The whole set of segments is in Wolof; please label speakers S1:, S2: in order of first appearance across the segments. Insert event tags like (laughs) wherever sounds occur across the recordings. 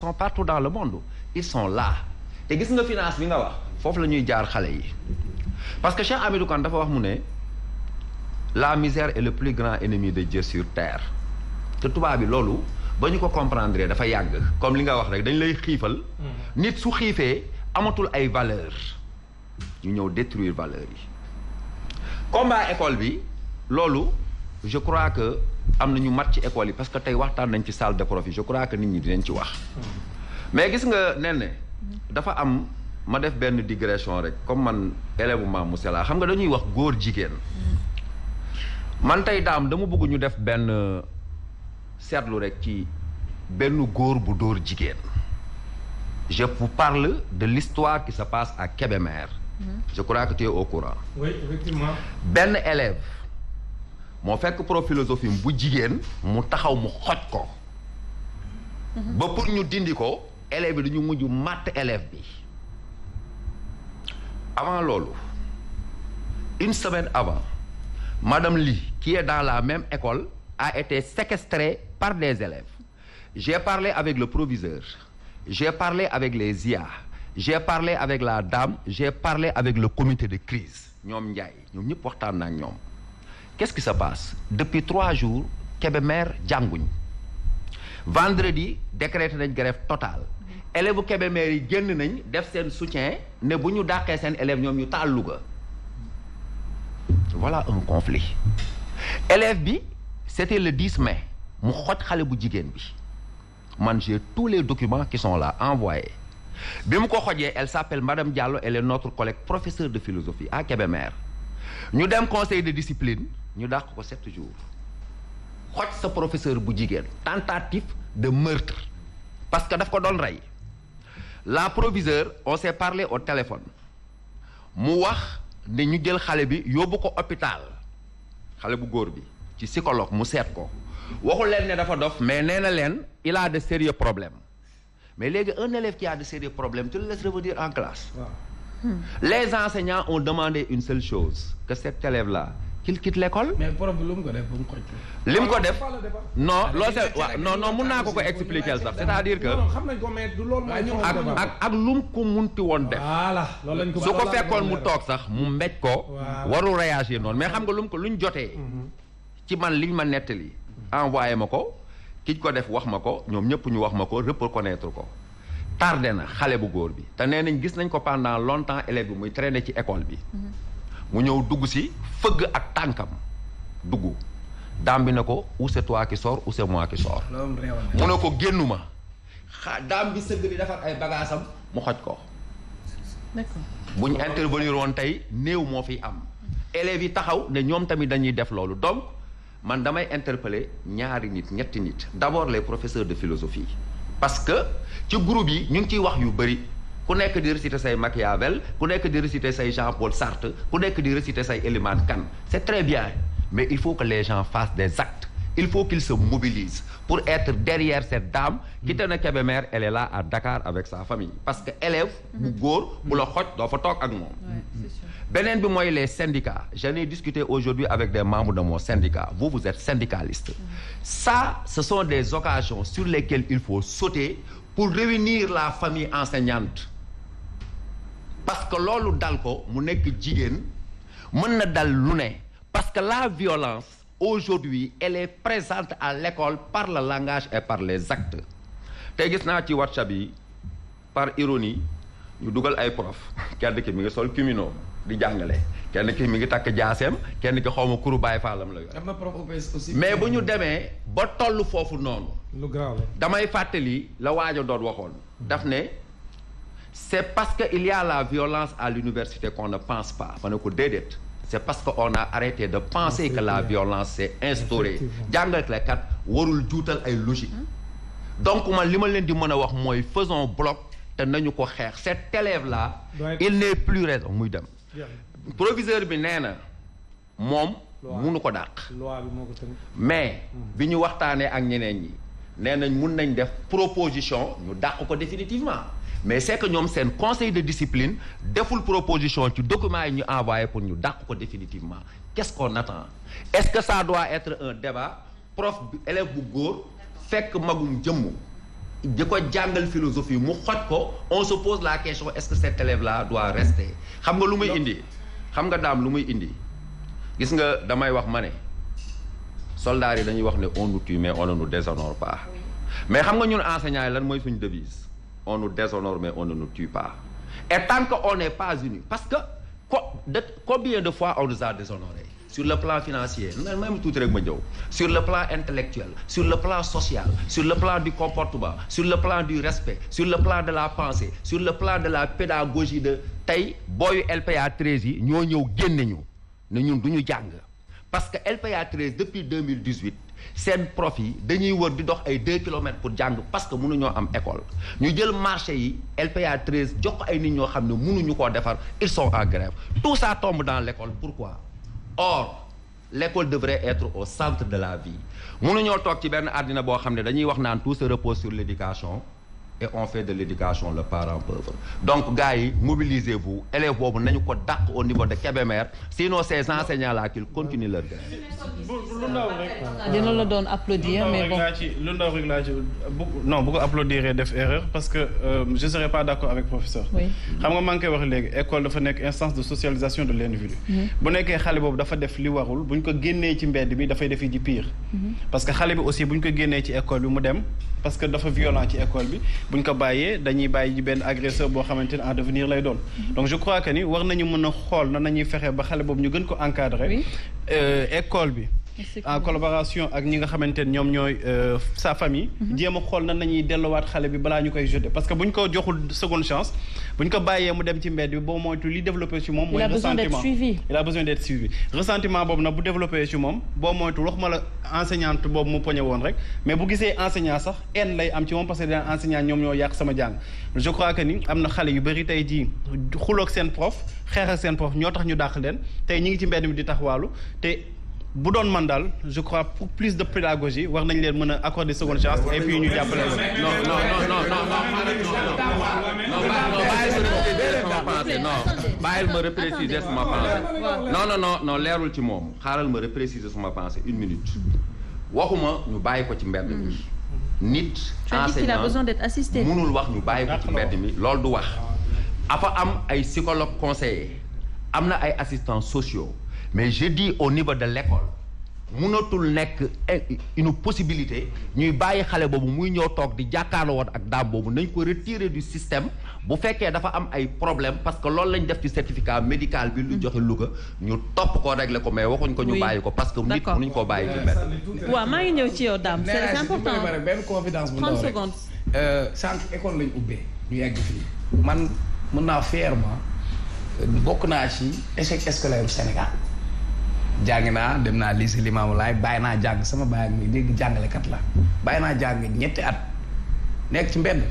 S1: sont partout dans le monde ils sont te gis nga finance bi nga wax foofu la ñuy jaar xale yi parce que Cheikh Hamidou Kane dafa wax mu ne la misère est le plus grand ennemi de Dieu te tubaab bi loolu ba ñu ko comprendre dafa yàgg comme li nga wax rek dañ lay xiifal mm-hmm. nit su xiifee amatul ay valeur ñu ñëw détruire valeurs yi combat école bi loolu je crois que am na ñu mat ci école yi parce que tey waxtaan nañ ci salle de prof je crois que nit ñi dinañ ci wax. mais gis nga nee ne dafa am ma def benn digression rek comme man élève Mamou Sela xam nga dañuy wax góor jigéen. man tey daam dama bëgg ñu def benn seetlu rek ci benn góor bu dóor jigéen. je vous parle de l'histoire qui se passe à Kébémer. Mm-hmm. je crois que tu au courant. oui benn élève. moo fekk pro philosophie bu jigéen mu taxaw mu xoj ko ba pour ñu dindi ko élève bi dañu mujj màtt élève bi avant loolu une semaine avant madame Ly qui est dans la même école a été séquestrée par des élèves j'ai parlé avec le proviseur j'ai parlé avec les IA j'ai parlé avec la dame j'ai parlé avec le comité de crise ñoom Ndiaye ñoom ñëpp waxtaan naa ñoom qu'est-ce qui se depuis trois jours Kébémer jànguñ vendredi décrété nañ grève total élèves bu yi génn nañ def seen soutien ne bu ñu dàqee seen élèves ñoom ñu taal Louga voilà un conflit élève bi c'était le 10 mai mu xoj xale bu jigéen bi man j'ai tous les documents qui son la envoyés bi mu ko xojee elle s'appelle madame Diallo elle est notre collègue professeur de philosophie à Kébémer ñu dem conseil de discipline ñu dàq ko sept jours xoj sa professeur bu jigéen tentative de meurtre parce que daf ko doon rey la proviseur on s'est parlé au téléphone mu wax ne ñu jël xale bi yóbbu ko hôpital xale bu góor bi ci psychologue mu seet ko waxu leen ne dafa dof mais nee na leen il a de sérieux problèmes mais léegi un élève qui a de sérieux problèmes tu le laisses revenir en classe wow. hmm. les enseignants ont demandé une seule chose que cet élève la
S2: qu'il lekkool l'école mais prof bi lu mu ko def bu mu
S1: xoj li mu ko def non loolu c'est waaw mun naa ko ko expliquer sax c'est-à-dire que ak ak ak lu mu ko munti woon def su ko fekkoon mu toog sax mu mbéj ko warul réagir noonu mais xam nga lum mu ko luñ jotee mhm. ci man liñ ma nettali envoyé ma ko kiñ ko def wax ma ko ñoom ñëpp ñu wax ma ko reconnaître ko tarde na xale bu góor bi te nee nañ gis nañ ko pendant longtemps élève bi muy traîner ci école bi mhm. mu ñëw dugg si fëgg ak tànkam dugg daam bi ne ko ou c'est toi qui sors ou c'est moi qui sors ko génnuma xaa daam bi sëgg di defar ay bagaasam mu xoj ko buñ intervenir woon tey néew moo fi am élèves yi taxaw ne ñoom tamit dañuy def loolu donc man damay interpeller ñaari nit ñetti nit d'abord les professeurs de philosophie parce que ci groupe yi ñu ngi ciy wax yu bëri ku nekk di réciter say Machiavel ku nekk di réciter say Jean-Paul Sartre ku nekk di réciter say Elimane Kane c'est très bien mais il faut que les gens fassent des actes il faut qu'ils se mobilisent pour être derrière cette dame qui te ne Kébémer à Dakar avec sa famille parce que élève bu góor bu la xoj doo fa toog ak moom beneen bi mooy les syndicats j'en ai discuté aujourd'hui avec des membres de mon vous vous êtes syndicaliste ça ce sont parce que loolu dal ko mu nekk jigéen mën na dal lu ne parce que la violence aujourd'hui elle est présente à l'école par la langage et par les actes te gis naa ci WhatsApp yi par ironie ñu dugal ay prof (laughs) kenn ki mi ngi sol kumino di jàngale kenn ki mi ngi takk jaaseem kenn ki xawma kuru baay faalam la yor mais bu ñu demee ba toll foofu noonu lu damay fàttali la waajo doon waxoon daf ne c'est parce que il y a la violence à l'université qu'on ne pense pas ma ko déedéet c'est parce que on a arrêté de penser que la violence s'est instaurée jàngalekat warul juutal ay logique donc man li ma leen di mën a wax mooy faisons bloc te nañu ko xeex cet élève la il n'est plus raison muy dem proviseur bi nee na moom munu ko dàq mais mm-hmm. bi ñu waxtaanee ak ñeneen yi nee nañ mun nañ def proposition ñu dàq ko définitivement mais c'est que ñoom seen conseil de discipline deful proposition ci document yi ñu envoyé pour ñu dàq ko définitivement qu'est-ce qu'on attend est-ce que ça doit être un débat prof bi élève bu góor fekk magum jëmm di ko jàngal philosophie mu xoj ko on se pose la question est-ce que cet élève là doit rester xam nga lu muy indi xam nga daam lu muy indi gis nga damay wax ma ne soldats yi dañuy wax ne on nous mais on ne nous déshonore pas mais xam nga ñun enseignants yi lan mooy suñu devise on nous déshonore mais on ne nous tue et tant qu'on n'est pas unis parce que combien de fois on nous a déshonorés sur le plan financier même tuuti rek ma ñëw sur le plan intellectuel sur le plan social sur le plan du comportement sur le plan du respect sur le plan de la pensée sur le plan de la pédagogie de tey booyu LPA 13 yi ñoo ñëw génne ñu ne ñun du ñu jàng parce que LPA 13 depuis 2018 seen prof dañuy wër di dox ay deux kilomètres pour jàng parce que mënuñoo am école ñu jël marché yi LPA 13 jox ay nit ñoo xam ne mënuñu koo defar ils sont en grève tout ça tombe dans lécole école pourquoi or l' école devrait être au centre de la vie mënuñoo toog ci benn àddina boo xam ne dañuy wax naan tout se repose sur l' et on fait de l'éducation le parent pauvre donc gars yi mobilisez-vous élèves boobu nañu ko dàq au niveau de Kébémer sinon ces enseignants là qu'ils continuent leur grève. lu la doon applaudir mais bon
S3: lu ndaw bu ko
S1: applaudir def
S3: erreur parce que euh, je serais pas d'accord avec professeur. xam nga maa ngi koy wax léegi école dafa nekk instance de socialisation de l'individu. Mhm. bu nekkee xale boobu dafa def li warul bu ñu ko génnee ci mbedd bi dafay defi ji pire. Mhm. parce que xale bi aussi bu ñu ko génnee ci école bi mu dem. parce que dafa violent ci école bi buñ ko bàyyee dañuy bàyyi ji benn agresseur boo xamante ne en devenir lay doon. Mhm. donc je crois que ni war nañu mën a xool na nañuy fexe ba xale boobu ñu gën ko encadrer. Euh, école bi. en collaboration ak ñi nga xamante ne ñoom ñooy euh, sa famille mm-hmm. jéem a xool nan nañuy delluwaat xale bi balaa ñu koy jeté parce que bu ñu ko joxul seconde chance bu ñu ko bàyyee mu dem ci mbedd bi boo moytu li développé ci moom mooy ressentiment il a boobu nag bu développé ci moom boo moytu wax ma la enseignante boobu mu poñe woon rek mais bu gisee enseignant sax haine lay am ci moom parce que enseignant ñoom ñoo yàq sama jàng je crois que ni am na xale yu bëri tey jii xuloog seen prof xeex seen prof ñoo tax ñu dàq leen tey ñi ngi ci mbedd mi di taxawaalu te bu doon man daal je crois pour plus de pédagogie wax nañ leen mën a accorder seconde chance et puis ñu jàppale leen. non
S1: non non non non leerul ci moom xaaral ma repréciser sama pensée une minute waxuma ñu bàyyi ko ci mbedd mi. nit enseignant mënul wax ñu bàyyi ko ci mbedd mi loolu du wax. afa am ay psychologue conseiller am na ay assistant sociaux. mais je di au niveau de l'école munatul nekk eh, une possibilité ñuy bàyyi xale boobu muy ñëw toog di jàkkaarloo woon ak daam boobu nañ ko retirer du système bu fekkee dafa am ay problème parce que loolu lañ def ci certificat médical bi lu mm-hmm. joxe Louga ñu topp ko régler ko mais waxuñ ko ñu bàyyi ko parce que nit mënuñ koo bàyyi ci mbedd waaw
S2: maa ngi ñëw ci yow daam c'est important benn confidence bu ndaw rek 30 secondes
S1: euh, sànq école
S2: lañ ubbee ñu yegg man mën naa fièrement naa ci échec scolaire jàng naa dem naa lycée Limaamu Laay bàyyi naa jàng sama bàyyi ak muy dégg la bàyyi naa jàng ñetti at nekk ci mbenn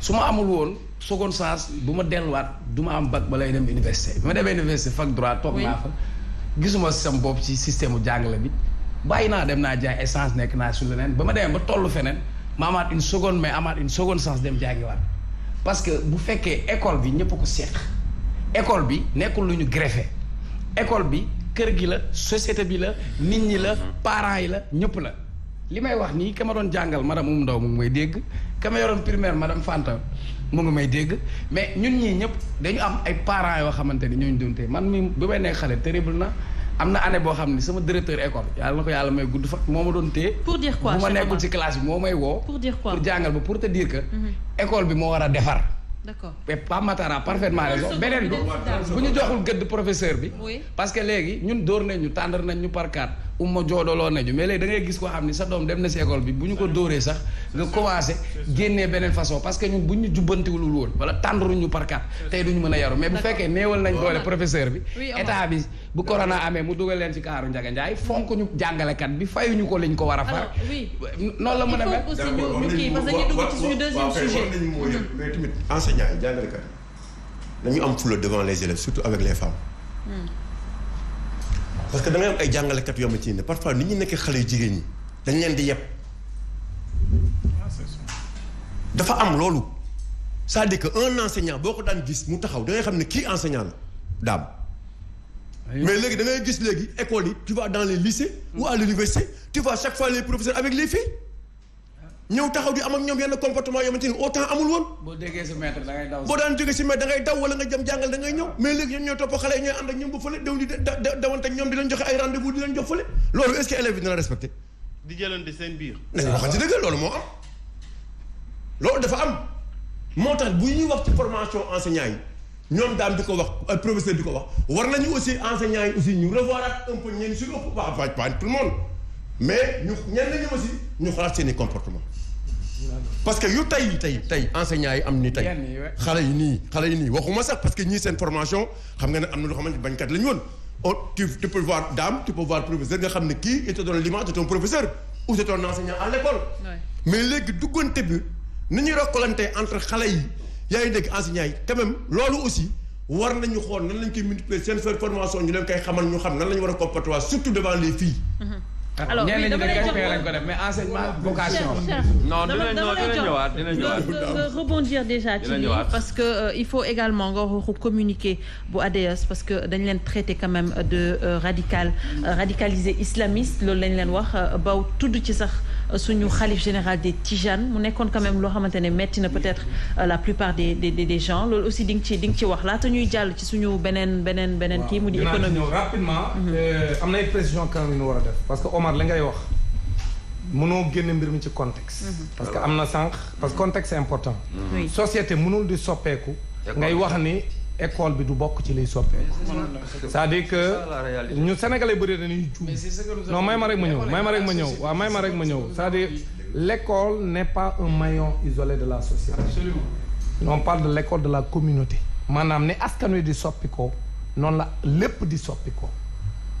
S2: su ma amul woon seconde chance bu ma delluwaat du ma am bac ba lay dem université bi ma demee université fac droit toog naa gisuma sam bopp ci système u jàngale bi bàyyi naa dem naa jaay essence nekk naa su leneen ba ma demee ba toll feneen ma amaat une seconde mais amaat une seconde chance dem jàngiwaat parce que bu fekkee école bi ñëpp ko seq école bi nekkul lu ñu greffé école bi kër gi la société bi la nit ñi la parents yi la ñëpp la li may wax nii ka ma doon jàngal madame Oum Ndaw mu ngi may dégg ka ma yoroon primaire madame Fanta mu ngi may dégg mais ñun ñii ñëpp dañu am ay parents yoo xamante ni ñooñu doon tey man mi bi may nekk xale terrible na am na année boo xam ne sama directeur école yàlla na ko yàlla may gudd fa moo ma doon téye. pour dire ma nekkul ci classe bi moo may woo. pour dire quoi pour jàngal ba pour te dire que. Mhm. école bi moo war a defar. d'accord mais Pape Matar a parfaitement raison beneen bu ñu joxul gëdd professeur bi parce que léegi ñun dóor nañu tàndar nañ ñu par quatre umma joodoloo nañu mais léegi da ngay gis ko xam ni sa doom dem na si école bi bu ñu ko dóoree sax nga commencé génnee beneen façon parce que ñun bu ñu jubbantiwul woon wala tàndaruñu par quatre tey duñu mën a yaru mais bu fekkee néewal nañ doole professeur bi état bi bu corona amee mu dugal leen ci kaaru Njaga Njaay fonk ñu jàngalekat bi fayuñu ko liñ ko war a far. alors oui noonu la mën a mel. aussi ñu ñu kii parce que ñu dugg ci suñu deuxième sujet.
S4: mais tamit enseignants yi jàngalekat yi nañu am fulla devant les élèves surtout avec les femmes. parce que da ngay am ay jàngalekat yoo xamante ne parfois nit ñi nekkee xale yu jigéen ñi dañ leen di yeb. dafa am loolu c'est-à-dire que un enseignant boo ko daan gis mu taxaw da ngay xam ne kii enseignant la daam. mais léegi da ngay gis léegi école yi tu vas dans les lycées mm. ou à l'université tu vois chaque fois les professeurs avec les filles ñëw taxaw di am ak ñoom yenn comportement yoo xamante ni autant amul
S2: woon. boo da ngay daan jógee
S4: si maître da daw wala nga jëm jàngal da ñëw. mais léegi ñoom ñoo topp xale yi ñooy ànd ak ñoom bu fële daw di da dawante ñoom di leen joxe ay rendez-vous di leen jox fële. loolu est-ce yi dina respecté.
S3: di jëlante seen biir. nañu waxante
S4: dëgg loolu moo am. loolu moo tax bu ñuy wax ci formation enseignant yi. ñoom daam di ko wax euh, professeur di ko wax war nañu aussi enseignants yi aussi ñu revoir ak un peu ñenn si loolu pas pas pas tout monde mais ñu ñenn nañu aussi ñu xalaat seen comportement parce que yu tey tey tey enseignants yi am ni tey xale yi nii xale yi nii waxuma sax parce que ñii seen formation xam nga ne am na loo xamante bañkat la ñu woon on oh, tu tu peux voir dame professeur nga xam ne kii il te donne l'image de ton professeur ou ton enseignant léegi duggante bi ni ñuy rokkalante entre xale yi yaa ngi dégg enseignants yi loolu aussi war nañu xool nan lañ koy multiplier seen faire formation ñu leen koy xamal ñu xam nan la war a comporter surtout devant les filles. Ah, alors ñenn de lañ
S2: ko def mais enseignement vocation.
S1: rebondir déjà ci lii parce que euh, il faut également nga waxu communiquer bu ADS parce que dañ leen traité quand même de euh, radical euh, radicalisé islamiste loolu lañ leen wax ba tudd ci sax. suñu xalif général des Tijanes mu nekkoon quand loo xamante ne metti na peut-être euh, la plupart des des loolu aussi di nga ci di nga ci wax laata ñuy jàll ci suñu beneen beneen beneen kii mu di économie
S5: rapidement mhm. euh, am na ay précision quand même war a def parce que Omar la ngay wax mënoo génn mbir mi ci contexte mhm. parce que am na sànq parce que contexte c'est important société mënul di soppeeku ngay wax ni école bi du bokk ci liy soppeeku. c'est-à-dire que ñu sénégalais bëri dañuy juum.
S3: non may ma rek ma ñëw may ma rek ma ñëw
S5: waaw may ma rek ma ñëw c'est-à-dire l'école n'est pas un maillon isolé de la société. absolument. on parle de l'école de la communauté. maanaam ni askan wi di soppi ko noonu la lépp di soppi ko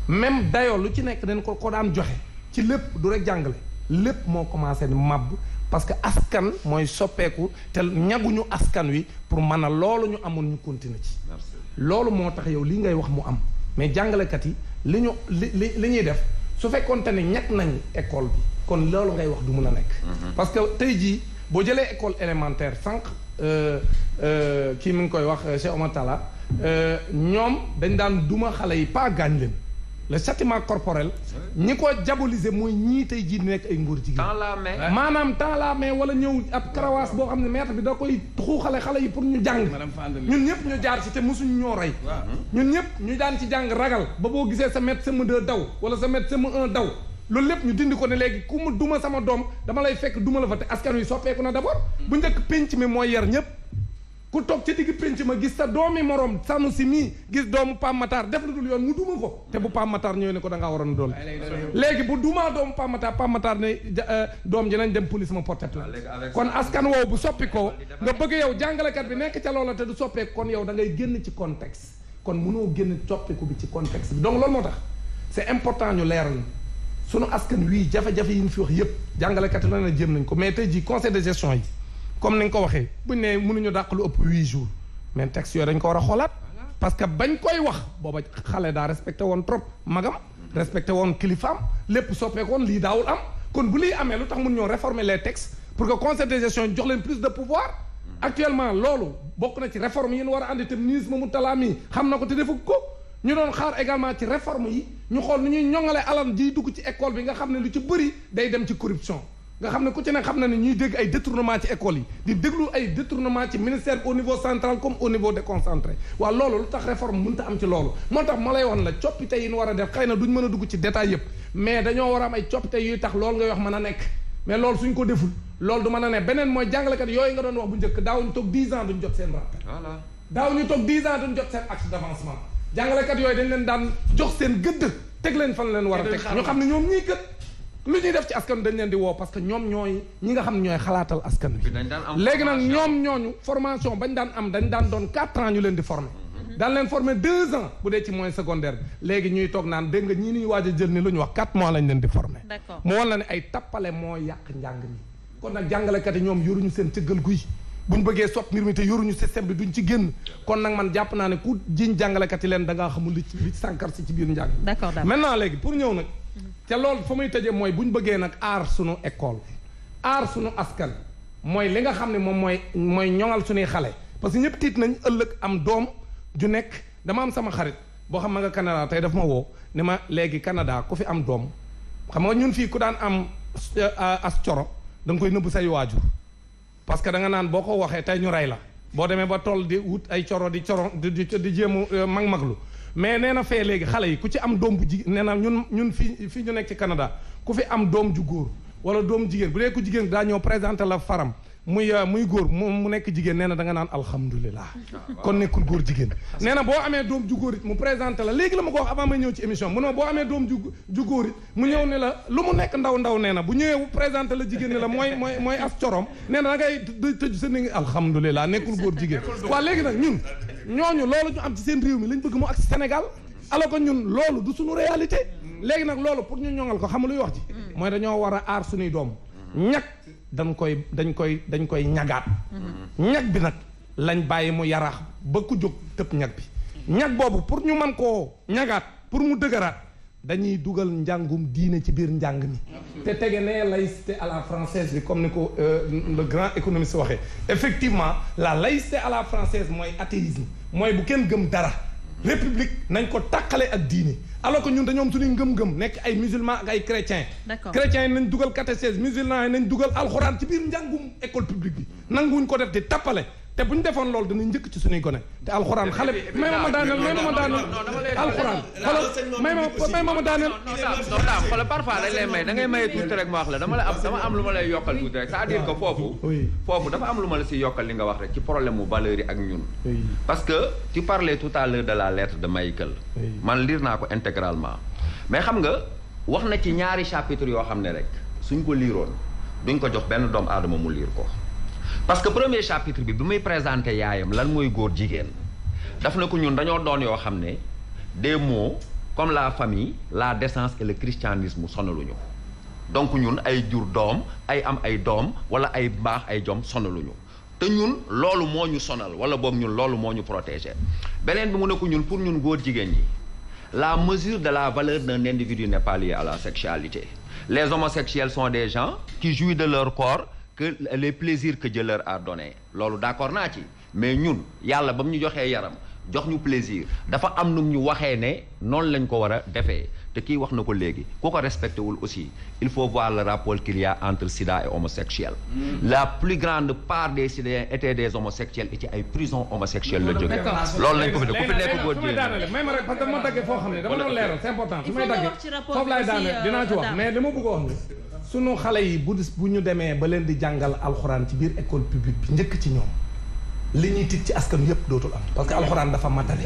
S5: même dayoo lu ci nekk dañ ko ko daan joxe ci lépp du rek jàngale lépp moo commencé màbb parce que askan mooy soppeeku te ñaguñu askan wi pour mën a loolu ñu amoon ñu continuer ci loolu moo tax yow li ngay wax mu am mais jàngalekat yi li ñu li li ñuy def su fekkoonte ne ñag nañ école bi kon loolu ngay wax du mun a nekk mhm. parce que tey jii boo jëlee école élémentaire sànq euh, euh, kii mu ngi koy wax euh, Cheikh Omar ñoom dañ daan duma xale yi pas gaañ leen le châtiment corporel ñi ko diaboliser mooy ñii tey jii nekk ay ngóor
S1: jigéen
S5: maanaam temps la mais wala ñëw ab karawaas boo xam ne maître bi da koy xuuxale xale yi pour ñu jàng ñun ñëpp ñu jaar ci te mosuñ ñoo rey ñun ñëpp ñu daan ci jàng ragal ba boo gisee sa maître sama deux daw wala sa maître sama un daw loolu lépp ñu dindi ko ne léegi ku mu duma sama doom dama lay fekk duma la fa te askan wi soppeeku na d'abord mm. bu njëkk pénc mi mooy yar ñëpp ku toog ci digg pénc ma gis sa doomi morom sanu si mii gis doomu Pape Matar def lu dul yoon mu duma ko te bu Pape Matar ñëwee ne ko danga ngaa waroon dool léegi bu dumaa doomu Pape Matar Pape Matar euh, doom ji nañ dem police ma porté plainte ah, kon askan woowu bu soppi ko nga bëgg yow jàngalekat bi nekk ca loola te du soppeeku kon yow da ngay génn ci contexte kon mënoo génn soppiku bi ci contexte bi donc loolu moo tax c'est important ñu leeral sunu askan wii jafe-jafe yi ñu fi wax yépp jàngalekat la na jéem nañ ko mais tey jii conseil de gestion yi comme ni nga ko waxee buñ ne mënuñu dàq lu ëpp huit jours mais texte yooyu dañ ko war a xoolaat parce que bañ koy wax booba xale daa respecté woon trop magam respecté woon kilifaam lépp soppeekoon lii daawul am kon bu liy amee lu tax mun ñoo réformer les textes pour que conseil de gestion jox leen plus de pouvoir actuellement loolu bokk na ci réforme yi nu war a àndi te ministre Mamadou Talla xam na ko te defu ko ñu doon xaar également ci réforme yi ñu xool nu ñuy ñoŋale alal di dugg ci école bi nga xam ne lu ci bëri day dem ci corruption nga xam ne ku ci ne xam na ne ñuy dégg ay détournement ci école yi di déglu ay détournement ci ministère au niveau central comme au niveau déconcentré waaw loolu lu tax réforme mënta am ci loolu moo tax ma lay wan la coppite yi ñu a def xëy a dugg ci détail yëpp a am ay coppite yuy tax loolu ngay wax mën nekk mais loolu suñ ko deful loolu du mën a ne beneen mooy jàngalekat yooyu nga doon wax bu njëkk daawuñu toog 10 ans duñ jot seen rappel voilà daawuñu toog 10 ans duñ jot seen axe d'avancement jàngalekat yooyu leen a xam ne ñoom ñii lu ñuy def ci askan dañ leen di woo parce que ñoom ñooy ñi nga xam ñooy xalaatal askan
S1: wi léegi nag
S5: ñoom ñooñu formation bañ daan am dañ daan doon quatre ans ñu leen di former mhm. daan leen former deux ans bu dee ci moyen secondaire bi léegi ñuy toog naan dégg nga ñii ñuy jël ni lu ñu wax quatre mois lañ leen di former mu wan la ne ay tappale moo yàq njàng mi kon nag jàngalekat yi ñoom yoruñu seen cëggal guy buñ bëggee sopp mbir mi te yoruñu système ci génn kon nag man jàpp naa ne ku jiñ yi leen da ngaa xamul li ci sànkar si ci biir njàng maintenant léegi ñëw nag te loolu fa muy tëjee mooy bu ñu bëggee nag aar sunu école aar sunu askan mooy li nga xam ne moom mooy mooy ñoŋal sunuy xale parce que ñëpp tiit nañ ëllëg am doom ju nekk dama am sama xarit boo xam ma nga Canada tey daf ma wow ne ma léegi Canada ku fi am doom xam nga ñun fii ku daan am euh, as coro da nga koy nëbb say waajur parce que da nga naan boo ko waxee tey ñu rey la boo demee ba toll di wut ay coro di coro di di jéemu euh, mag maglu mais nee na fee léegi xale yi ku ci am doom bu ji nee na ñun ñun fii fii ñu nekk ci Canada ku fi am doom ju góor wala doom jigéen bu dee jigéen daa ñëw présenté la faram muy euh, muy góor mu nekk jigéen nee na da nga naan alhamdulilah (laughs) kon nekkul góor jigéen nee na boo amee doom ju góor it mu présenté la léegi la ma ko wax avant ñëw ci émission mu ne boo amee doom ju ju mu ñëw ne la lu mu nekk ndaw ndaw nee na bu ñëwee présenté la jigéen ni la mooy mooy mooy as corom nee na da ngay tëj sa néeg alhamdulilah nekkul góor jigéen (laughs) waaw léegi nag ñun ñooñu loolu ñu am ci seen réew mi lañ bëgg mu ak Sénégal alors que ñun loolu du suñu réalité léegi nag loolu pour ñu ñoŋal ko xam luy wax ji mooy dañoo war a aar suñuy doom ñag dañ koy dañ koy dañ koy ñagaat ñag bi nag lañ bàyyi mu yaraax ba ku jóg tëb ñag bi ñag boobu pour ñu man koo ñagaat pour mu dëgëraat dañuy dugal njàngum diine ci biir njàng mi te tege nee laïcité à la française bi comme ni ko euh, le grand économiste waxee effectivement la laïcité à la française mooy athéisme mooy bu kenn gëm dara république nañ ko tàqale ak diine alors que ñun dañoo am suñuy ngëm-ngëm nekk ay musulman ak ay chrétien chrétiens yi nañ dugal catéchèse musulman yi nañ dugal alxuraan ci biir njàngum école publique bi nanguwuñ ko def di tappale te bu ñu defoon loolu dana njëkk ci suñuy gone te alxuraan xale bi may ma ma daaneel may ma ma daaneel alxuraan xoolal may ma may ma ma daaneel daam xoolal parfois dañ lay may da ngay maye tuuti
S1: rek ma wax la dama la am dama am lu ma lay yokkal tuuti rek c'est-à-dire que foofu foofu dafa am lu ma la si yokkal li nga wax rek ci problème mu valeur yi ak ñun parce que tu parlais tout à l'heure de la lettre de Michael man lire naa ko intégralement mais xam nga wax na ci ñaari chapitre yoo xam ne rek suñ ko liiroon duñ ko jox benn doomu aadama mu liir ko parce que premier chapitre bi bi muy présenté yaayam lan mooy góor jigéen daf na ko ñun dañoo doon yoo xam ne des mots comme la famille la décence et le christianisme sonaluñu donc ñun ay jur doom ay am ay doom wala ay mbaax ay jom sonaluñu te ñun loolu moo ñu sonal wala boog ñun loolu moo ñu protégé beneen bi mu ne ko ñun pour ñun góor jigéen ñi la mesure de la valeur d'un individu n'est pas liée à la sexualité les homosexuels son des gens qui jouissent de leur corps que les que Dieu leur a donné loolu d'accord naa ci mais ñun yàlla ba mu ñu joxee yaram jox ñu plaisir dafa am nu ñu waxee ne noonu lañ ko war a defee te kii wax na ko léegi ku ko respecté wul aussi il faut voir le rapport qu'il y a entre sida et homosexuel mm. la plus grande part des sidéens étaient des homosexuels et ci ay prison homosexuelle la jógee loolu lañ ko fi nekk góor may ma rek parce que euh, ci wax mais li ma bëgg wax ni
S5: sunu xale yi bu bu ñu demee ba leen di jàngal alxuraan ci biir école publique bi njëkk ci ñoom li ñuy tit ci askan yëpp dootul am parce que alxuraan dafa matale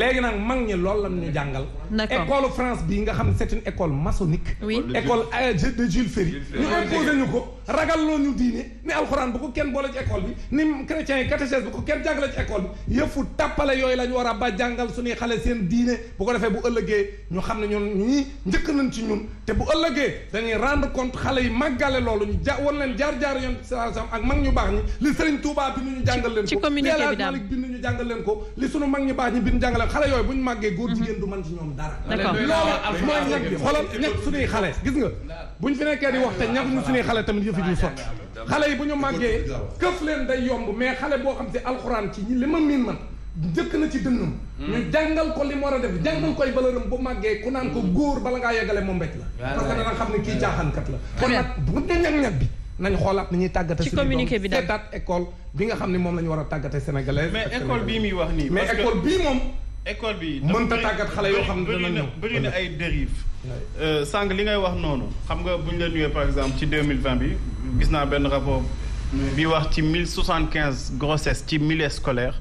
S5: léegi nag mag ñi loolu lañ ñu jàngal école France bii nga xam ne c'est une école maçonnique école euh, de Jules Ferry ñu imposé ñu ko ragal loo ñu diine ne alxuraan bu ko kenn boole ci école bi ni chrétiens yi catéchèse bu ko kenn jàngale ci école bi yëfu tàppale yooyu la ñu a ba jàngal suñuy xale seen diine bu ko defee bu ëllëgee ñu xam ne ñun ñii njëkk nañ ci ñun te bu ëllëgee dañuy rendre compte xale yi màggale loolu ñu ja wan leen jaar-jaar yoon bi ñu ñu jàngal ko li suñu mag ñu baax ñi bind jàngal leen xale yooyu bu ñu màggee góor jigéen du man ci ñoom dara loolu mooy ñeg bi xoolal ñeg suñuy xale gis nga buñ fi nekkee di wax te ñaguñu suñuy xale tamit yëf yi du sotti xale yi bu ñu màggee këf leen day yomb mais xale boo xam si alxuraan ci li ma miin man njëkk na ci dënnam hmm. ñu jàngal ko li mu war a def jàngal koy valeuram bu màggee ku naan ko hmm. góor bala ngaa yeggale moom mbéj la parce que dana xam ne kii caaxaankat la kon nag bu dee ñag-ñag bi nañ xoolaat ni ñuy tàggate ci communiqué bi daal école bi nga xam ne moom la ñu war a tàggate sénégalais mais école bii muy wax nii mais école bii moom
S3: école bi mënta tàggat xale yoo xam ne dana bëri na ay dérive euh, sànq li ngay wax noonu xam nga bu ñu la nuyee par exemple ci deux mille vingt bi gis naa benn rapport bi wax ci mille soixante quinze grossesse ci milieu scolaire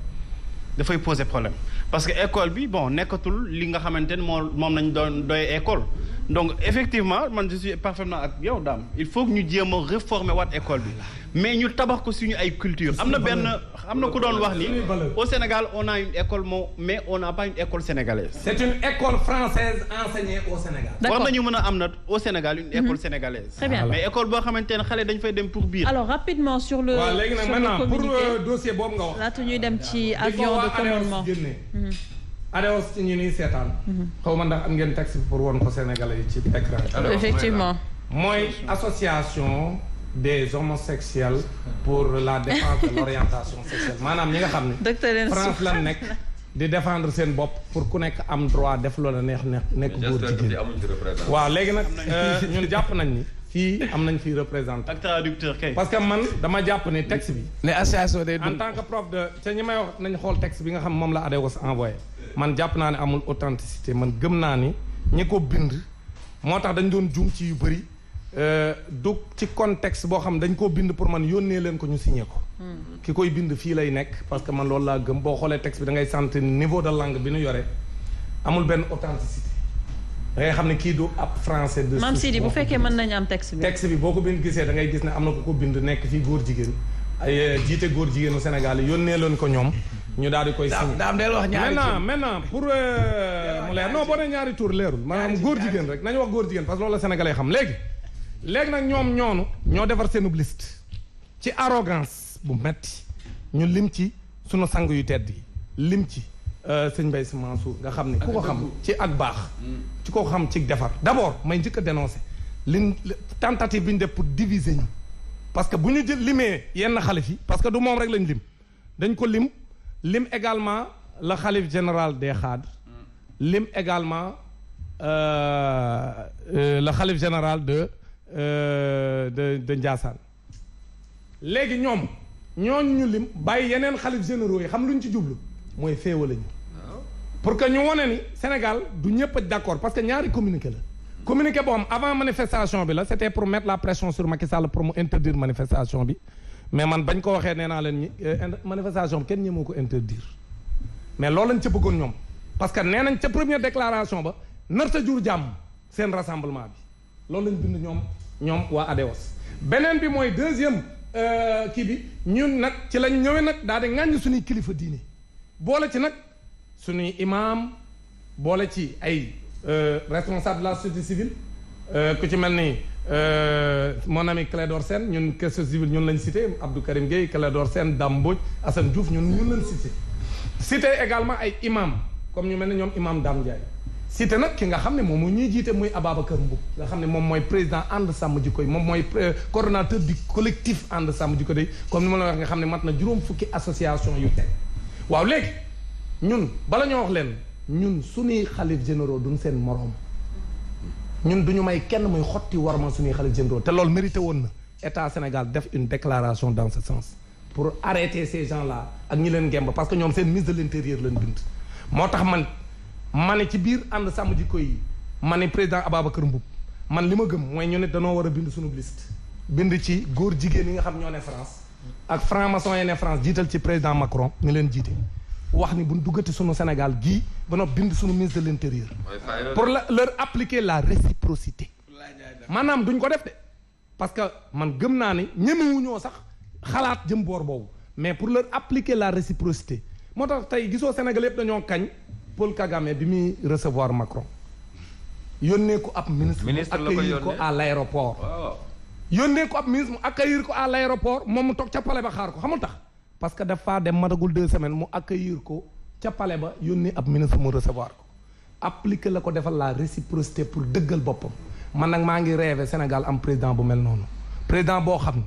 S3: dafay poser problème parce que école bi bon nekkatul li nga xamante ne moo moom nañ doon doy école donc effectivement man je suis parfaitement ak yow daam il faut ñu jéem a réformer waat école bi mais ñu tabax ko suñu ay culture am na benn am na ku doon wax li au Sénégal on a une école moom mais on n'a ba une école sénégalaise c'est une
S5: école française enseignée au Sénégal
S3: war nañu mën a am na au Sénégal une mhm. école sénégalaise très bien mais école boo xamante ne xale dañ fay dem pour biir alors
S1: rapidement sur le waaw léegi nag maintenant pour euh,
S3: dossier boobu nga wax
S1: laata ñuy dem ci avion de commandement mhm.
S3: adéos ci ñu ni
S5: seetaan mhm. xaw ma ndax am ngeen texte pour woon ko sénégalais yi ci écran effectivement mooy association des homosexuels pour la défense de l'orientation sexuelle maanaam ñi nga xam ne France lan nekk di defendre seen bopp pour ku nekk am droit def loola neex neex nekk góor jigéen waaw léegi nag euh, ñun jàpp nañ ni fii am nañ fii représentant ak traducteur parce que man dama jàpp ne texte bi ne association day en tant que prof de te ñi may nañ xool texte bi nga xam moom la ADECOS envoyé man jàpp naa ne amul authenticité man gëm naa ni ñi ko bind moo tax dañ doon juum ci yu bëri Euh, du ci contexte boo xam dañ koo bind pour man yónnee leen ko ñu signé ko. Hmm. ki koy bind fii lay nekk parce que man loolu laa gëm boo xoolee texte bi da ngay sentir niveau de langue bi nu yore amul benn authenticité da xam ne kii du ab français. de maam Sidi bu fekkee
S1: mën nañu am texte bi. texte
S5: bi boo ko bind gisee da ngay gis ne am na ku ko bind nekk fii góor jigéen ay euh, jiite góor jigéenu Sénégal yónnee leen ko ñoom. ñu daa di koy signé daam del wax ñaari pour euh, mu leer non ñaari tour leerul maanaam góor jigéen rek nañu wax góor jigéen parce xam léegi léegi nag ñoom ñoonu ñoo defar seenub liste ci arrogance bu metti ñu lim ci sunu sang yu tedd yi lim ci euh, sëñ mbay Sy Mansour nga xam ne ku ko xam ci ak baax ci ko xam ci defar d'abord may njëkk a dénoncer liñ tentative bi ñu def pour diviser parce que bu ñu jël limee yenn xalif yi parce que du moom rek lañ lim dañ ko lim lim également la xalif général des xaadres lim également euh, euh, la xalif général de Euh, de de Ndiassane léegi ñoom ñoo ñu lim bàyyi yeneen xalif généraux yi xam lu ñu ci jublu mooy féewale ñu pour que ñu wane ni Sénégal du ñëpp a d'accord parce que ñaari communiqué la. communiqué boo xam avant manifestation bi la c'était pour mettre la pression sur Macky Sall pour mu interdire manifestation bi mais man bañ ko waxee nee naa leen ñi euh, manifestation bi kenn ñemoo ko interdire mais loolu lañ ca bëggoon ñoom parce que nee nañ ca première déclaration ba nar ta jur jàmm seen rassemblement bi loolu lañ bind ñoom. ñoom waa ADEOS beneen bi mooy deuxième euh, kii bi ñun nag ci lañ ñëwee nag daal di ŋàññ suñuy kilifa diine boole ci nag suñuy imaam boole ci ay euh, responsable de la société civile euh, ku ci mel ni mon ami Clédor Sène ñun société civile ñun lañ cité Abdou Karim Gueye Clédor Sène Dame Mbodj Assane Diouf ñun ñun lañ cité cité également ay imaam comme ñu mel ne ñoom imaam Dame Ndiaye cité nag ki nga xam ne moom moo ñuy jiite muy Ababacar Mboup nga xam ne moom mooy président ànd sàmm jikko yi moom mooy euh, coordonnateur du collectif ànd sàmm ko yi comme ni ma la wax nga xam ne mat na juróom fukki association yu teg waaw léegi ñun bala ñoo wax leen ñun suñuy xalif généraux duñ seen moroom ñun du ñu may kenn muy xotti war ma su suñuy xalif généraux te lool mérité woon na état Sénégal def une déclaration dans ce sens pour arrêter ces gens ak ñi leen gemb parce que ñoom seen mise de l'intérieur lañ bind moo tax man ma ne ci biir ànd sàmm jikko yi ma ne président kër Mboup man li ma gëm mooy ñu ne danoo war a bind suñu liste bind ci góor jigéen yi nga xam ñoo ne France ak franc maçon yi ne France jiital ci président Macron ñu leen jiite wax ni bu ñu duggati sunu Sénégal gii ba noo bind sunu ministre de l' intérieur pour la leur appliquer la réciprocité maanaam duñ ko def de parce que man gëm naa ne ñemewuñoo sax xalaat jëm boor boobu mais pour leur appliquer la réciprocité moo tax tey gisoo Sénégal dañoo kañ Paul Kagame bi muy recevoir Macron yónnee ko ab ministre. ministre la ko yónnee ko à l' aéroport. yónnee ko ab ministre mu accueillir ko à l' aéroport moom mu toog ca palais ba xaar ko xamul tax parce que dafa dem matagul deux semaines mu accueillir ko ca pale ba yónnee ab ministre mu recevoir ko appliquer la ko defal la réciprocité pour dëggal boppam man nag maa ngi rêvé Sénégal am président bu mel noonu président boo xam ne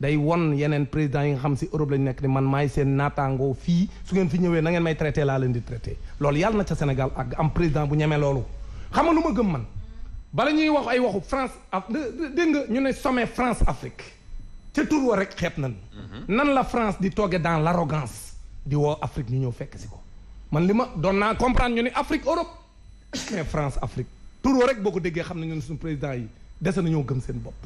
S5: day won yeneen président yi nga xam si Europe lañu nekk ni man maay seen naataangoo fii su ngeen fi ñëwee na ngeen may traité laa leen di traité loolu yàlla na ca Sénégal ak am président bu ñemee loolu xam nga lu ma gëm man bala ñuy wax ay waxu France af dégg nga ñu ne sommet France Afrique ca tur wa rek xeeb na mhm. nan la France di tooge dans l'arrogance di woo Afrique ñu ñëw fekk si ko man li ma doon naa comprendre ñu ne Afrique Europe (coughs) mais France Afrique tur wa rek boo ko déggee xam ne ñun suñu président yi dese nañoo gëm seen bopp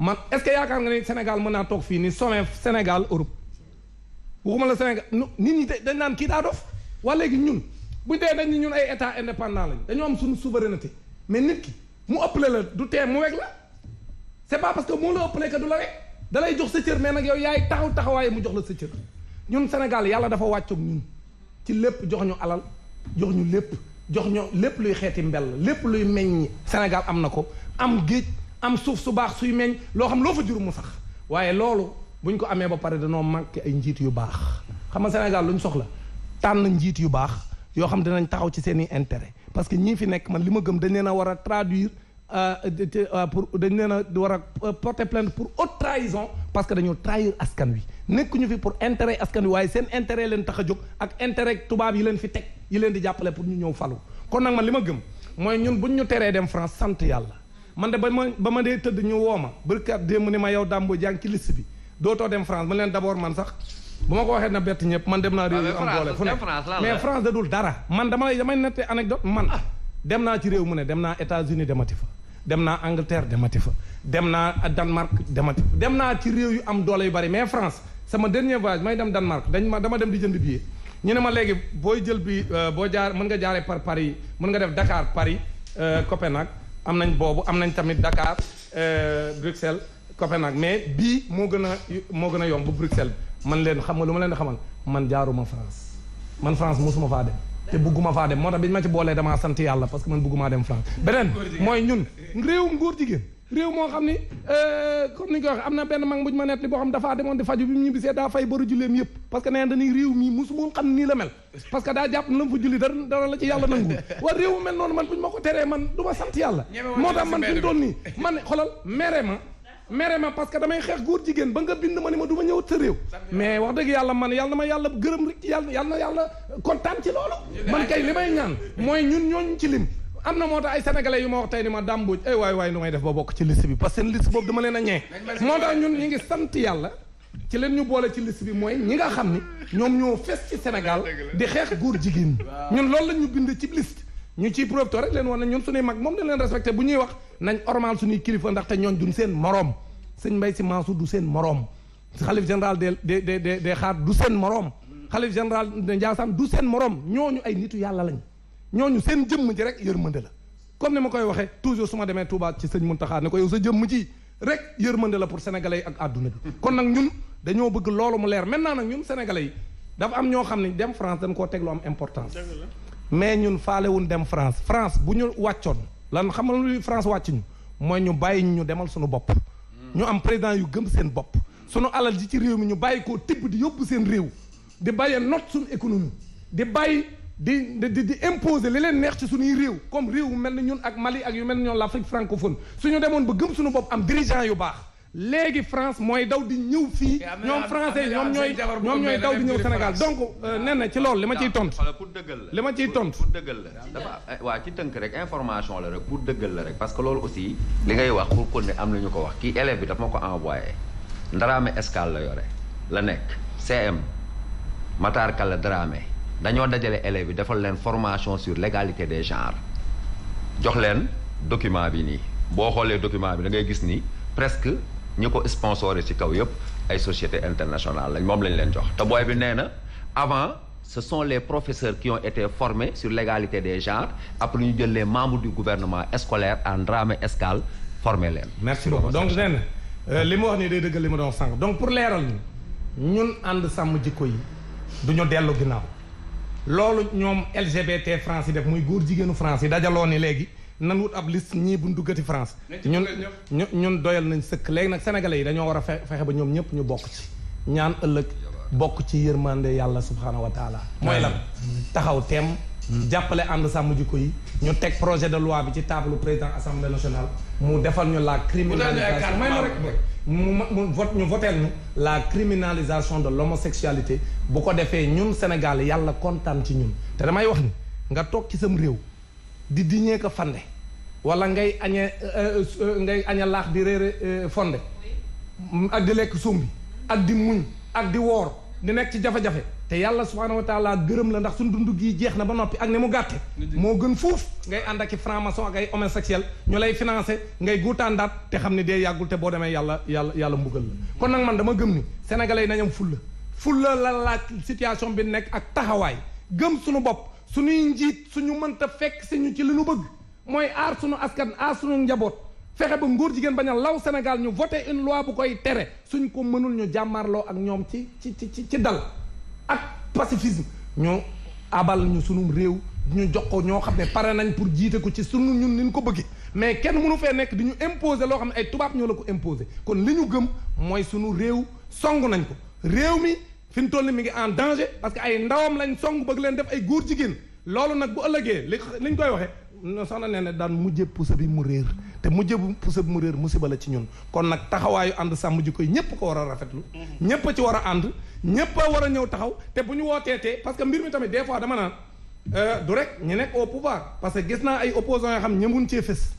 S5: man est-ce que yaakaar nga ne Sénégal mën naa toog fii ni sommet Sénégal Europe waxuma la Sénégal nu nit ñi te dañ naan kii daa dof wala léegi ñun buñ dee dañ ñun ay état indépendant lañ dañoo am suñu souveraineté mais nit ki mu ëpp ëppale la du tee mu weg la c'est parce que moo la ëppale que du la weg da jox sa cër mais nag yow yaay taxaw taxawaay mu jox la sa cër ñun Sénégal yàlla dafa wàccoog ñun ci lépp jox ñu alal jox ñu lépp jox ñu lépp luy xeeti mbell lépp luy meññ Sénégal am na ko am géej am suuf su baax suy meññ loo xam loo fa jur mu sax waaye loolu buñ ko amee ba pare danoo manqué ay njiit yu baax xam nga Sénégal luñ soxla tànn njiit yu baax yoo xam dinañ taxaw ci seen i intérêt parce que ñii fi nekk man li ma gëm dañ leen a war a traduire euh, euh, pour dañ leen a war a euh, porter plainte pour haute trahison parce que dañoo trahir askan wi nekkuñu fi pour intérêt askan wi waaye seen intérêt leen tax a jóg ak intérêt tubaab yi leen fi teg yi leen di jàppale pour ñu ñëw falu kon nag man li ma gëm mooy ñun buñ ñu teree dem France sant yàlla man de ba ma ba ma dee tëdd ñu woo ma bërkat démb ni ma yow Dame Mbodj yaa ngi ci liste bi dootoo dem France ma leen d'abord man sax bu ma ko waxee na bett ñëpp man dem naa réew yu am doole fu ne ah, mais dara man dama lay damay nette anecdote man ah. dem naa ci réew mu ne dem naa États-Unis demati fa dem naa Angleterre demati fa dem naa Danemark demati fa dem naa ci réew yu am doole yu bari mais France sama dernier voyage may dem Danemark dañ ma dama dem di jënd billet ñu ne ma léegi booy jël bi euh, boo jaar mën nga jaaree par Paris mën nga def Dakar Paris euh, Copenhague am nañ boobu am nañ tamit Dakar euh, Bruxelles Copenhague mais bii moo gën a moo gën a yomb bu Bruxelles man leen xam nga lu ma leen di xamal man jaaruma France man France mosuma faa dem. te bëgguma faa dem moo tax bi ma ci boolee damaa sant yàlla parce que man bëggumaa dem France beneen mooy ñun réewum góor jigéen. réew moo xam ni euh, comme ni ko am na benn man bu ñu ma nett li boo xam dafaa demoon di faju bi mu ñibbisee daa fay baru julleem yëpp parce que nee dañuy réew nii na mu fa julli dara (laughs) réew mel noonu ko teree man du ma yàlla moo tax man fi nii man xolal mere ma mere ma parce que damay xeex góor jigéen ba nga bind ma ni ma du ma sa réew mais wax dëgg yàlla man yàlla ma yàlla gërëm rek yàlla yàlla na yàlla ci loolu man kay li may ñaan mooy ñun ñooñ ci lim am na moo tax ay sénégalais yu ma wax tey ni ma dàmbuj ay eh, waay waay nu may def ba bokk ci liste bi parce que seen liste boobu dama leen a ñee moo tax ñun ñu ngi sant yàlla ci leen ñu boole ci liste bi mooy ñi nga xam ni ñoom ñoo fes ci Sénégal di xeex góor jigéen ñun loolu la ñu bind ci liste ñu ciy profité rek leen wax na ñun suñuy mag moom dañ leen respecté bu ñuy wax nañ ormal suñuy kilifa ndax te ñooñ duñ seen moroom sëñ Mbaye Sy Mansour du seen moroom xalif général de de de xaar du seen moroom xalif général de Ndiassane du seen moroom ñooñu ay nitu yàlla lañ ñooñu seen jëmm ji rek yërmande la comme ni ma koy waxee toujours suma demee Touba ci sëñ Mountakha ne ko yow sa jëmm ji rek yërmande la pour sénégalais yi ak àdduna bi kon nag ñun dañoo bëgg loolu mu leer maintenant nag ñun sénégalais yi dafa am ñoo xam ne dem France dañ koo teg lu am importance mais ñun faale faalewun dem France France bu ñu wàccoon lan xam nga France wàcc ñu mooy ñu bàyyi ñu demal suñu bopp mm. ñu am président yu gëm seen bopp sunu alal yi ci réew mi ñu bàyyi koo di yóbbu seen réew di bàyyee not suñu économie di bàyyi di di di li leen neex ci suñuy réew comme réew mel ni ñun ak Mali ak yu mel ni ñoom l'Afrique francophone suñu demoon ba gëm suñu bopp am dirigeant yu baax léegi France mooy daw di ñëw fii ñoom français ñoom ñooy ñoom ñooy daw di ñëw Sénégal donc euh, nee na ci loolu li ma ciy tont ah, pour dëggal la li ma ciy tont pour
S1: dëggal la eh, waa ci tënk rek information la rek pour dëggal la rek parce que loolu aussi li ngay wax pour kon ne am na ñu ko wax kii élève bi daf ko envoyé Ndaraame Escale la yore la nekk CM Matar Kala Dramé dañoo dajale élèves yi defal leen formation sur l'égalité des genres jox leen document bi nii boo xoolee document bi da ngay gis ni presque ñi ko sponsoré ci kaw yépp ay société internationale lañ moom lañ leen jox te booy bi nee na avant ce son les professeurs qui ont été formés sur l'égalité des genres après ñu jëlee les membres du gouvernement scolaire en Dramé Escale formé leen merci beaucoup
S5: donc nee euh, li mu wax nii day dëggal li ma doon sànq donc pour leeral ñu ñun ànd sàmm jikko du ñu dellu ginnaaw loolu ñoom LGBT France yi def muy góor jigéenu France yi dajaloo ni léegi nan wut ab liste ñii buñ duggati France ñun ñun doyal nañ sëkk léegi nag sénégalais yi dañoo war a fexe ba ñoom ñëpp ñu bokk ci ñaan ëllëg bokk ci yërmande yàlla subhaanahu wa taala mooy lan taxaw teem jàppale ànd sàmm jikko yi ñu teg projet de loi bi ci table président assemblée nationale mu defal ñu la criminalisation mu mu vote ñu voteel ñu la criminalisation de l'homosexualité bu ko defee ñun Sénégal yàlla kontaan ci ñun te damay wax ni nga toog ci sam réew di diñee ko fande wala ngay añee euh, euh, euh, ngay aña laax di réere fonde ak di lekk sumbi ak di muñ ak di woor di nekk ci jafe-jafe te yàlla subhaanahu wa taala gërëm la ndax suñu dund gii jeex na ba noppi ak ne mu gàtte moo gën fuuf ngay ànd ak i franc maçon ak ay homosexuel ñu lay financé ngay guutaandaat te xam ne dee yàggul te boo demee yàlla yàlla yàlla mbugal la kon nag man dama gëm ni sénégalais yi nañam fulla fulla la laaj situation bi nekk ak taxawaay gëm suñu bopp suñuy njiit suñu mënta fekk si ñu ci li ñu bëgg mooy aar suñu askan aar suñu njaboot fexe ba ngóor jigéen bañ a law Sénégal ñu voté une loi bu koy tere suñ ko mënul ñu jàmmarloo ak ñoom ci ci ci ci dal ak pacifisme ñu abal ñu sunum réew ñu jox ko ñoo xam ne pare nañ pour jiite ko ci sunu ñun ni ko bëggee mais kenn mënu fee nekk di ñu imposer loo xam ne ay tubaab ñoo la ko imposer kon li ñu gëm mooy sunu réew song nañ ko réew mi fi mu toll ni mi ngi en danger parce que ay ndawam lañ song bëgg leen def ay góor jigéen loolu nag bu ëllëgee li liñ koy waxee soxna nee na daan mujjee puso bi mu réer te mu jëbu pusab mu réer musiba la ci ñun kon nag taxawaayu ànd sàmm ji koy ñëpp ko war a rafetlu ñépp ci war a ànd ñépp a war a ñëw taxaw te bu ñu wooteetee parce que mbir mi tamit des fois dama naan euh, du rek ñu nekk au pouvoir parce que gis naa ay opposants yoo xam ne ñemuñ cee fës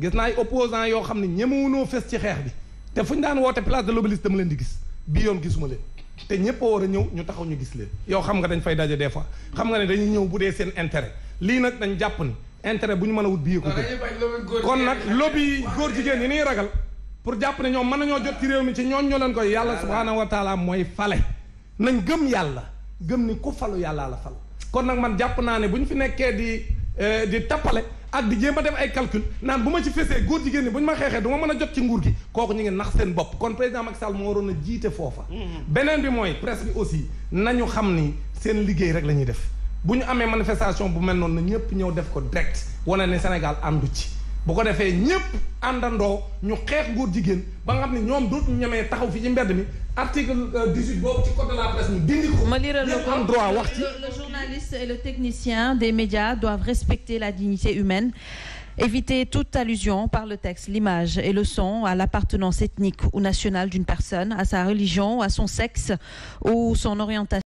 S5: gis naa ay opposants yoo xam ne ñemewunoo fës ci xeex bi te fu ñu daan woote place de l'Obélisque dama leen di gis bii yoon gisuma leen te ñëpp a war a ñëw ñu taxaw ñu gis leen yow xam nga dañ fay daje des fois xam nga ne dañuy ñëw bu dee seen intérêt lii nag dañ jàpp ni intérêt bu ñu mën a wut bi ko
S2: kon nag lobby
S5: góor jigéen yi nii ragal pour jàpp ne ñoom mën nañoo jot ci réew mi ci ñooñ ñoo leen ko yàlla subhaanahu wa taala mooy fale nañ gëm yàlla gëm ni ku falu yàlla la fal kon nag man jàpp naa ne bu ñu fi nekkee di euh, di tappale ak di jéem a def ay calcul naan bu ma ci fesee góor jigéen ñi bu ñu ma xeexee du ma mën a jot ci nguur gi kooku ñu ngi nax seen bopp kon président Macky Sall moo waroon a jiite foofa mm-hmm. beneen bi mooy presse bi aussi nañu xam ni seen liggéey rek la ñuy def bu ñu amee manifestation bu mel noonu na ñëpp ñëw def ko direct wane ne Sénégal àndu ci bu ko defee ñëpp àndandoo ñu xeex góor ba nga xam ne ñoom dootuñu ñemee taxaw fi ci mbedd mi article 18 euh, boobu ci code la presse ñu dindi ko. ma liral la ko le
S1: journaliste et le technicien des médias doivent respecter la dignité humaine. Éviter toute allusion par le texte, l'image et le son à l'appartenance ethnique ou nationale d'une personne, à sa religion, à son sexe son orientation.